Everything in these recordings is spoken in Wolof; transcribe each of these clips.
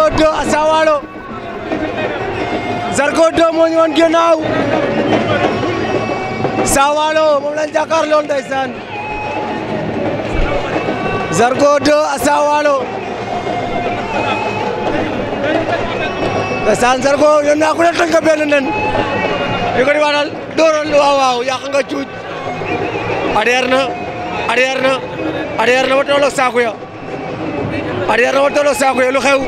Zarko 2 Assa Walo Zarko 2 moo ñu woon ginnaaw Assa Walo moom lañ jàkkaar lool ndeysaan Zarko 2 Assa Walo ndeysaan Zarko yéen naa ku ne tënk nga benn nen ñu ko di waanal dóoral waaw waaw yàq nga cuuj adeer na adeer na adeer na ba tolloog saaku ya adeer na ba tolloog saaku ya lu xew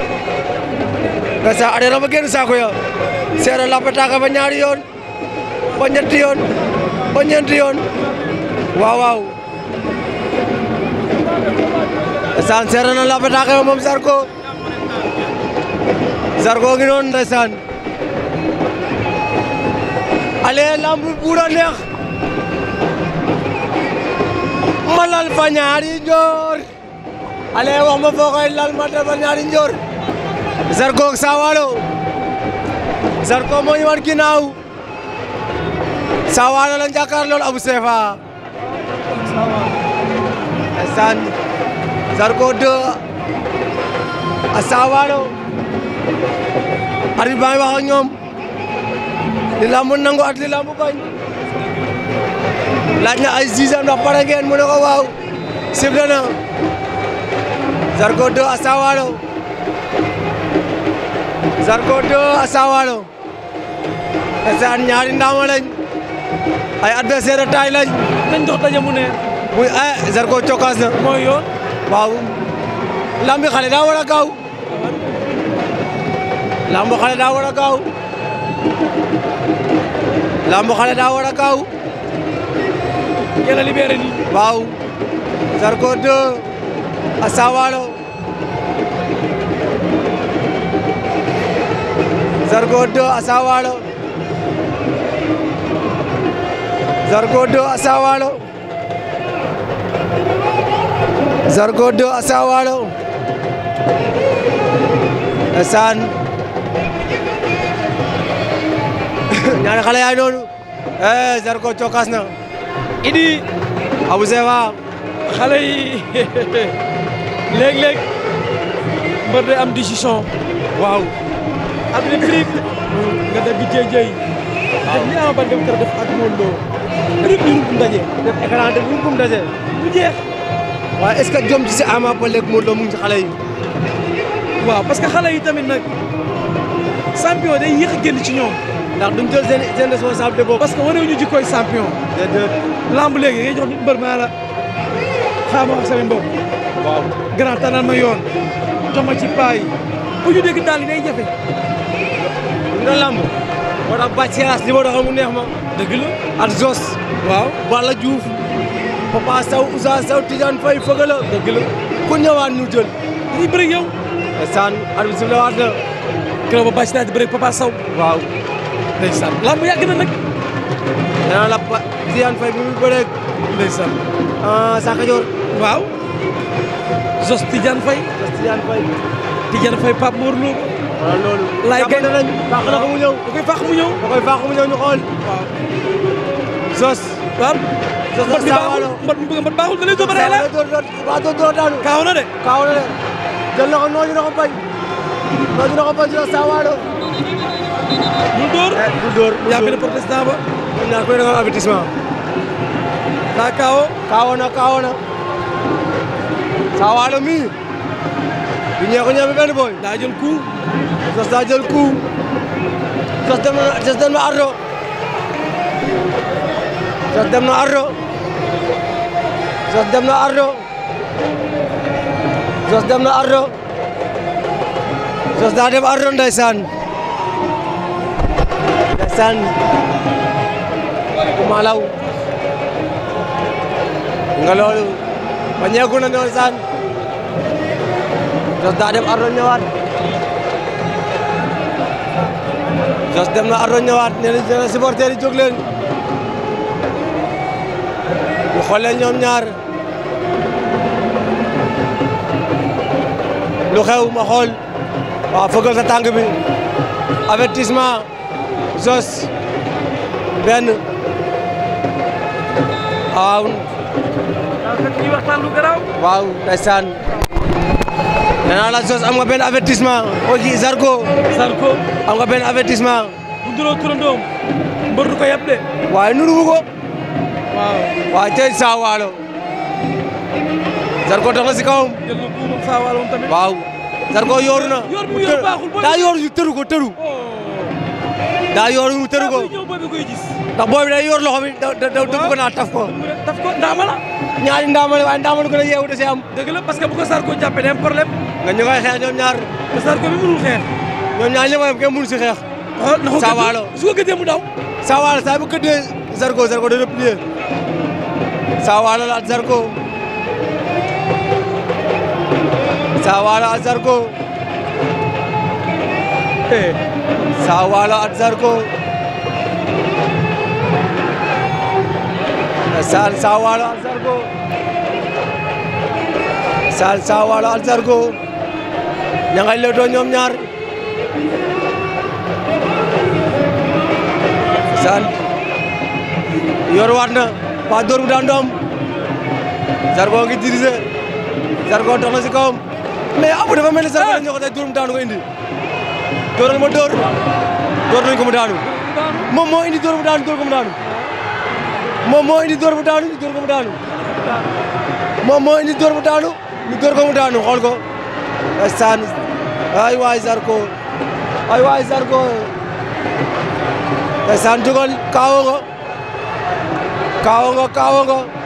ndeysaan areena ba génn saako ya seera lapataaka ba ñaari yoon ba ñetti yoon ba ñeenti yoon waaw waaw ndeysaan seera na lapataaka ba moom Zarko Zarko ngi ale lamb buura neex ma lal fa ale wax ma foo koy lal Zarko ak Sawalo Zarko moo ñu wan ginnaaw Sawalo la jàkkaar lool Abou Sefa san Zarko 2 a Sawalo arbitre baa ngi wax ak ñoom li nangu at li laaj na ay zizam ndax pare mu ne ko waaw sib na Zarko 2 a Sawalo Zarko 2 a Sawalo ndeysaan ñaari ndaama lañ ay adversaire taay lañ dañ dox daje mu ne muy a eh, Zarko cokkaas na mooy lambi xale daa war a gaaw xale daa war a gaaw xale daa war a gaaw yàlla libéré ni Zarko 2 a Sawalo Zarko 2 Assa Walo Zarko 2 Assa Walo Zarko 2 Assa Walo Assane ñaari yaay noonu eh Zarko cokkaas na Idi Abou Sefa xale yi léeg-léeg mbër day am décision waaw arbitre bi nga def gi jéy jéy def li def ak Modou Lo rëb ñu daje def écran def rukum daje du jeex waaw est-ce que jom ci si Ama Baldé ak Modou Lo mu ngi xale yi waaw parce que xale yi tamit nag champion day yéex a génn ci ñoom ndax duñ jël seen seen responsabilité boobu parce que wane ñu jikkooy champion lamb léegi ngay jox nit mbër ma la xaa ma wax sama mbër waaw grand ci paa yi bu ñu dégg daal yi jafe na làmb moo tax bàcc ma neex ma dëgg la ak Zos waaw Balla Diouf Papa Sow Ousa Sow Tidiane Faye ku ñëwaat ñu jël dañuy bëri yow ndeysaan at bi sifle waat na keroog ba bàcc naa di bëri Papa Sow waaw ndeysaan làmb yàgg na nag danaa la Tidiane Faye bi mu bëree ndeysaan ah, Saka waaw Zos Tidiane Faye Zos Tidiane Faye Tidiane Faye Pape lay gën nañ fàq na ko mu ñëw da koy fàq mu ñëw da koy fàq mu ñëw ñu xool waaw Zoss waaw daanu kaaw na de kaaw na ko nooju na ko bañ nooju na ko bañ Zoss Sawaalo bul dóor bul eh, dóor na protestant ba mën naa koy ragal avertissement daa kaawo kaawo na kaawo na Sawaalo mii du ñeexu ñebe benn booy. daa jël coup. Zoss daa jël coup. Zoss dem na Zoss dem na ardo. Zoss dem na ardo. Zoss dem na dem na ardo. Zoss daa dem ardo ndeysaan. ndeysaan. ku malaw. nga loolu. ba ñeeku na ndeysaan. Zoss daa dem Ardo ñëwaat Zoss dem na Ardo ñëwaat nee na supporter yi jóg leen ñu xoolee ñoom ñaar lu xew ma xool waaw fëggal sa tànk bi avertissement Zoss benn waaw. waaw ndeysaan. nee naa la sos am nga benn avertissement aussi oh, Zarko. Zarko am nga benn avertissement. bu duloo turandoom mbër du ko yab de. waaye nuru wu ko. tey saa waalo. Zarko dox na si kawam. jël Zarko yooru na. daa yooru yu tëru ko tëru. Oh. daa yor mu tëru ko ndax booy bi day yor loxo bi da da da bëgg naa taf ko. taf ko ndaama la. ñaari ndaama la waaye ndaama lu gën a yeewu da see am. dëgg la parce que bu ko Sarko jàppee day am problème. nga ñu koy xeex ñoom ñaar. te Sarko bi mënul xeex. ñoom ñaar ñëpp a yem kenn mënu si xeex. saa waalo su ko gëddee mu daw. saa waalo saa bu gëddee Sarko Sarko dana plier. saa waalo la ak Sarko. saa waalo ak Sarko. Eh. saa Waalo at Zarko Saan Sa Waalo ak Zarko Saan Sa ñoom ñaar Saan yor waat na ba dóor bu daan doom Zarko ngi dirigé Zarko dox na si kawam mais abu dafa mel ni Zarko la ñu ko tey mu daan ko indi dooral ma door door nañ ko mu daanu moom moo indi door mu daanu door ko mu daanu moom moo indi door mu daanu ñu door ko mu daanu moom moo indi door mu daanu ñu door ko mu daanu xool ko saan ay waay Zarko ay waay Zarko saan dugal kaawo nga kaawo nga kaawo nga